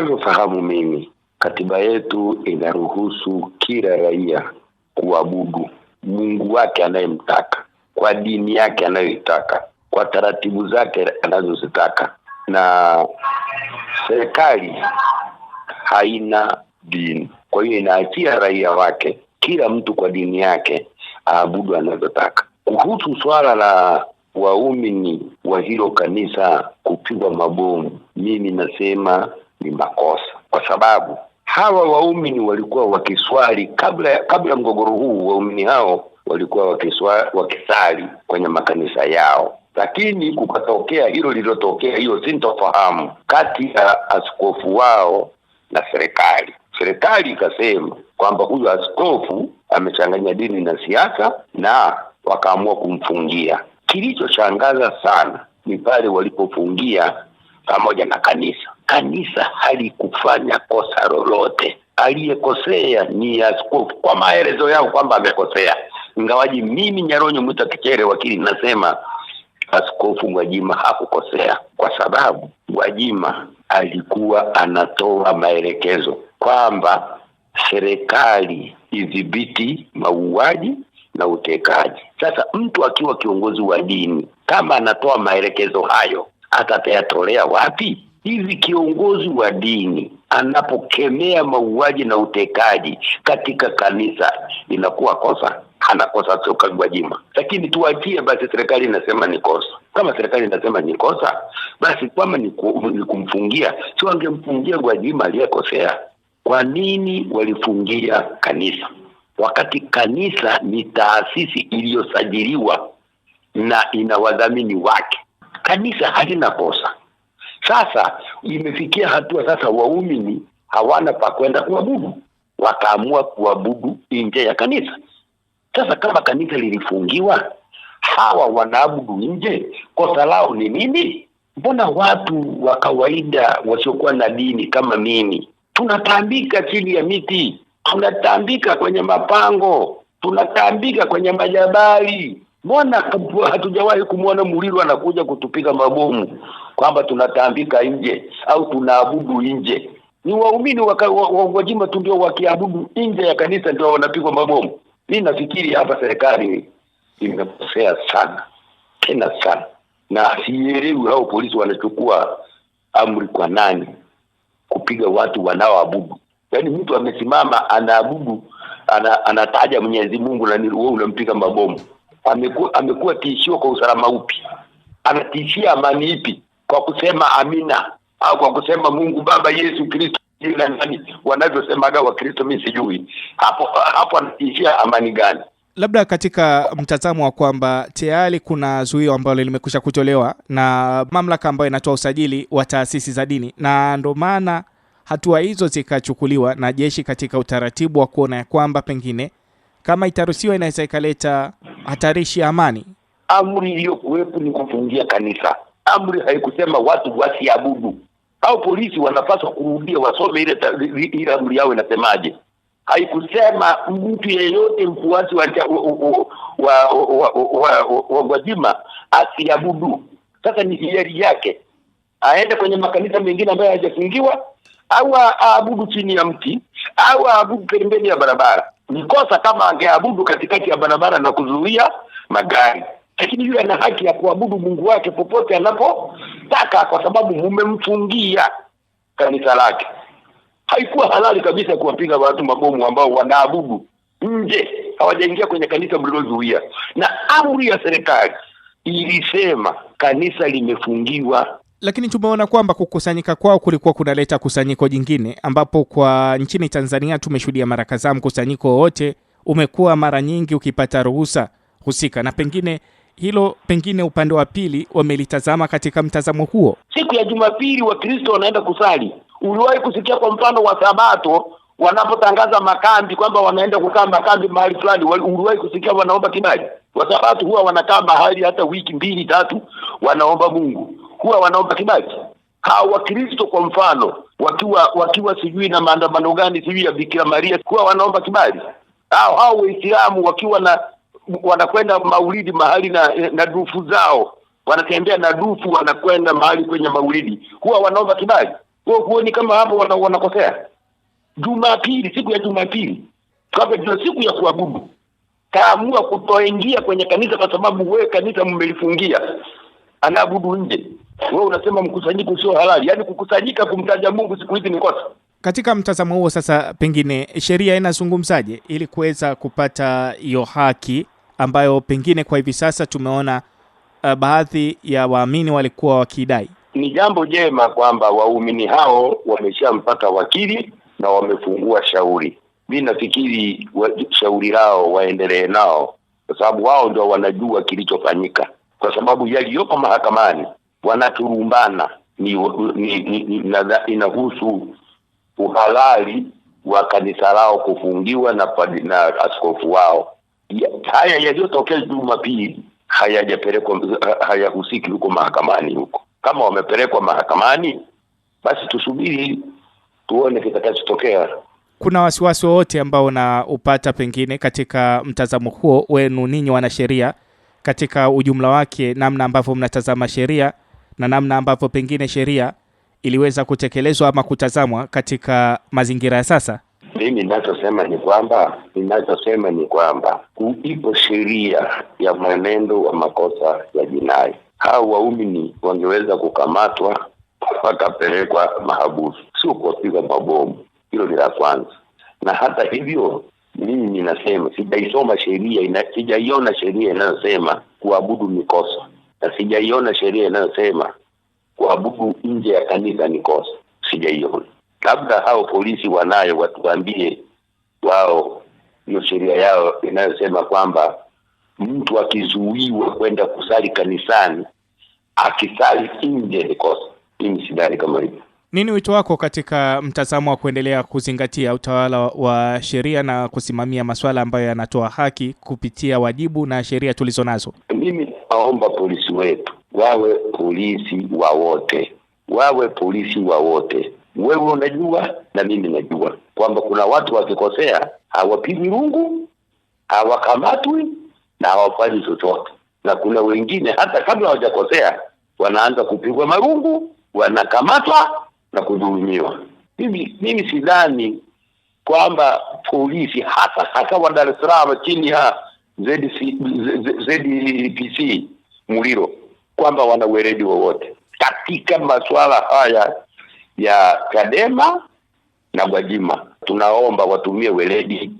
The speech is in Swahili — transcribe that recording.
ninavyofahamu mimi, katiba yetu inaruhusu kila raia kuabudu Mungu wake anayemtaka kwa dini yake anayoitaka kwa taratibu zake anazozitaka, na serikali haina dini. Kwa hiyo inaachia raia wake, kila mtu kwa dini yake aabudu anavyotaka. Kuhusu swala la waumini wa hilo kanisa kupigwa mabomu, mimi nasema ni makosa, kwa sababu hawa waumini walikuwa wakiswali kabla kabla mgogoro huu. Waumini hao walikuwa wakisali kwenye makanisa yao, lakini kukatokea hilo lililotokea, hiyo sintofahamu kati ya askofu wao na serikali. Serikali ikasema kwamba huyu askofu amechanganya dini na siasa, na wakaamua kumfungia. Kilichoshangaza sana ni pale walipofungia pamoja na kanisa Kanisa halikufanya kosa lolote, aliyekosea ni askofu, kwa maelezo yao kwamba amekosea. Ingawaji mimi Nyaronyo Mwita Kichere wakili nasema Askofu Gwajima hakukosea, kwa sababu Gwajima alikuwa anatoa maelekezo kwamba serikali idhibiti mauaji na utekaji. Sasa mtu akiwa kiongozi wa dini kama anatoa maelekezo hayo atatayatolea wapi? hivi kiongozi wa dini anapokemea mauaji na utekaji katika kanisa inakuwa kosa anakosa kosa sio kagwajima lakini tuachie basi serikali inasema ni kosa kama serikali inasema ni kosa basi kama ni, ku, ni kumfungia sio angemfungia gwajima aliyekosea kwa nini walifungia kanisa wakati kanisa ni taasisi iliyosajiliwa na ina wadhamini wake kanisa halina kosa sasa imefikia hatua sasa waumini hawana pa kwenda kuabudu, wakaamua kuabudu nje ya kanisa. Sasa kama kanisa lilifungiwa, hawa wanaabudu nje, kosa lao ni nini? Mbona watu wa kawaida wasiokuwa na dini kama mimi tunatambika chini ya miti, tunatambika kwenye mapango, tunatambika kwenye majabali, mbona hatujawahi kumwona Muliro anakuja kutupiga mabomu kwamba tunataambika nje au tunaabudu nje? Ni waumini wa Gwajima wa, wa tu ndio wakiabudu nje ya kanisa ndio wanapigwa mabomu. Mimi nafikiri hapa serikali imekosea sana tena sana, na sielewi hao polisi wanachukua amri kwa nani kupiga watu wanaoabudu. Yaani mtu amesimama anaabudu ana, anataja Mwenyezi Mungu na wewe unampiga mabomu amekuwa tishio kwa usalama upi? Anatishia amani ipi? Kwa kusema amina au kwa kusema Mungu Baba, Yesu Kristo na nani wanavyosemaga Wakristo, mimi sijui hapo hapo, anatishia amani gani? Labda katika mtazamo wa kwamba tayari kuna zuio ambalo limekusha kutolewa na mamlaka ambayo inatoa usajili wa taasisi za dini, na ndo maana hatua hizo zikachukuliwa na jeshi katika utaratibu wa kuona ya kwamba pengine kama itaruhusiwa inaweza ikaleta hatarishi ya amani. Amri iliyokuwepo ni kufungia kanisa. Amri haikusema watu wasiabudu. au polisi wanapaswa kurudia wasome ile, amri yao inasemaje. Haikusema mtu yeyote mfuasi wa wa wa Gwajima asiabudu. Sasa ni hiari yake, aende kwenye makanisa mengine ambayo hayajafungiwa, au aabudu chini ya mti, au aabudu pembeni ya barabara ni kosa kama angeabudu katikati ya barabara na kuzuia magari, lakini yule ana haki ya kuabudu Mungu wake popote anapotaka, kwa sababu mumemfungia kanisa lake. Haikuwa halali kabisa kuwapiga watu mabomu ambao wanaabudu nje, hawajaingia kwenye kanisa mlilozuia, na amri ya serikali ilisema kanisa limefungiwa. Lakini tumeona kwamba kukusanyika kwao kulikuwa kunaleta kusanyiko jingine, ambapo kwa nchini Tanzania tumeshuhudia mara kadhaa, mkusanyiko wowote umekuwa mara nyingi ukipata ruhusa husika, na pengine hilo pengine upande wa pili wamelitazama katika mtazamo huo. Siku ya Jumapili Wakristo wanaenda kusali. Uliwahi kusikia kwa mfano wa Sabato wanapotangaza makambi kwamba wanaenda kukaa makambi mahali fulani? Uliwahi kusikia wanaomba kibali? Wasabato huwa wanakaa mahali hata wiki mbili tatu, wanaomba Mungu kuwa wanaomba Kibaki hawa Wakristo kwa mfano wakiwa wakiwa sijui na maandamano gani sijui ya Bikira Maria kuwa wanaomba kibali, hao hao Waislamu wakiwa na wanakwenda maulidi mahali na, na dufu zao wanatembea na dufu wanakwenda mahali kwenye maulidi huwa wanaomba kibali. Wao kuoni kama hapo wana, wanakosea? Jumapili, siku ya Jumapili kwa siku ya kuabudu, kaamua kutoingia kwenye kanisa kwa sababu wewe kanisa mmelifungia, anaabudu nje wewe unasema mkusanyiko sio halali, yaani kukusanyika kumtaja Mungu siku hizi ni kosa. Katika mtazamo huo sasa, pengine sheria inazungumzaje ili kuweza kupata hiyo haki ambayo pengine kwa hivi sasa tumeona uh, baadhi ya waamini walikuwa wakidai? Ni jambo jema kwamba waumini hao wameshampata wakili na wamefungua shauri. Mi nafikiri wa, shauri lao waendelee nao, kwa sababu wao ndio wanajua kilichofanyika, kwa sababu yaliyopo mahakamani wanaturumbana ni, ni, ni, ni, inahusu uhalali wa kanisa lao kufungiwa na, na askofu wao ya, haya yaliyotokea Jumapili hayajapelekwa hayahusiki huko mahakamani huko. Kama wamepelekwa mahakamani, basi tusubiri tuone kitakachotokea. Kuna wasiwasi wowote ambao unaupata pengine katika mtazamo huo wenu ninyi wanasheria, katika ujumla wake, namna ambavyo mnatazama sheria na namna ambavyo pengine sheria iliweza kutekelezwa ama kutazamwa katika mazingira ya sasa? Mimi ninachosema ni kwamba ninachosema ni kwamba ipo sheria ya mwenendo wa makosa ya jinai. Hao waumini wangeweza kukamatwa wakapelekwa mahabusu, sio kuwapigwa mabomu. Hilo ni la kwanza, na hata hivyo mimi ninasema, sijaisoma sheria, sijaiona sheria inayosema kuabudu mikosa na sijaiona sheria inayosema kuabudu nje ya kanisa ni kosa, sijaiona. Labda hao polisi wanayo, watuambie wao hiyo sheria yao inayosema kwamba mtu akizuiwa kwenda kusali kanisani akisali nje ni kosa. Mimi sidhani kama hivyo. Nini wito wako katika mtazamo wa kuendelea kuzingatia utawala wa sheria na kusimamia masuala ambayo yanatoa haki kupitia wajibu na sheria tulizo nazo? Mimi aomba polisi wetu wawe polisi wa wote, wawe polisi wa wote. Wewe unajua na mimi najua kwamba kuna watu wakikosea hawapigwi rungu, hawakamatwi na hawafanyi chochote, na kuna wengine hata kabla hawajakosea wanaanza kupigwa marungu, wanakamatwa na kudhulumiwa. Mimi mimi sidhani kwamba polisi hasa hasa wa Dar es Salaam chini ya ZDC, ZDPC Muliro kwamba wana weledi wowote katika masuala haya ya Chadema na Gwajima. Tunaomba watumie weledi